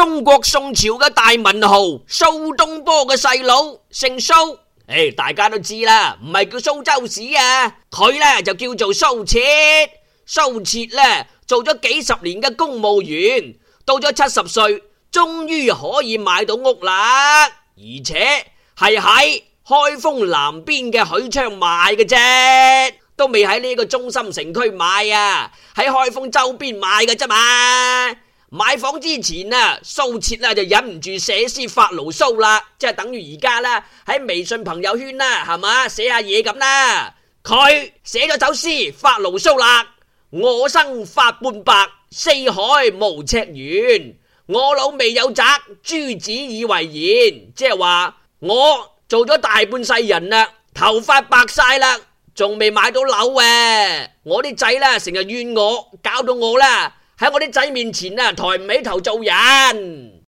中國宋朝嘅大文豪蘇東坡嘅細佬，姓蘇，誒，大家都知啦，唔係叫蘇州市啊，佢呢就叫做蘇轍，蘇轍呢做咗幾十年嘅公務員，到咗七十歲，終於可以買到屋啦，而且係喺開封南邊嘅許昌買嘅啫，都未喺呢個中心城區買啊，喺開封周邊買嘅啫嘛。買房之前啊，蘇轍啊就忍唔住寫詩發牢騷啦，即係等於而家啦，喺微信朋友圈啦，係嘛寫下嘢咁啦。佢寫咗首詩發牢騷啦，我生髮半白，四海無尺遠，我老未有宅，諸子以為然。即係話我做咗大半世人啦，頭髮白晒啦，仲未買到樓誒、啊，我啲仔啦成日怨我，搞到我啦。喺我啲仔面前啊，抬唔起頭做人。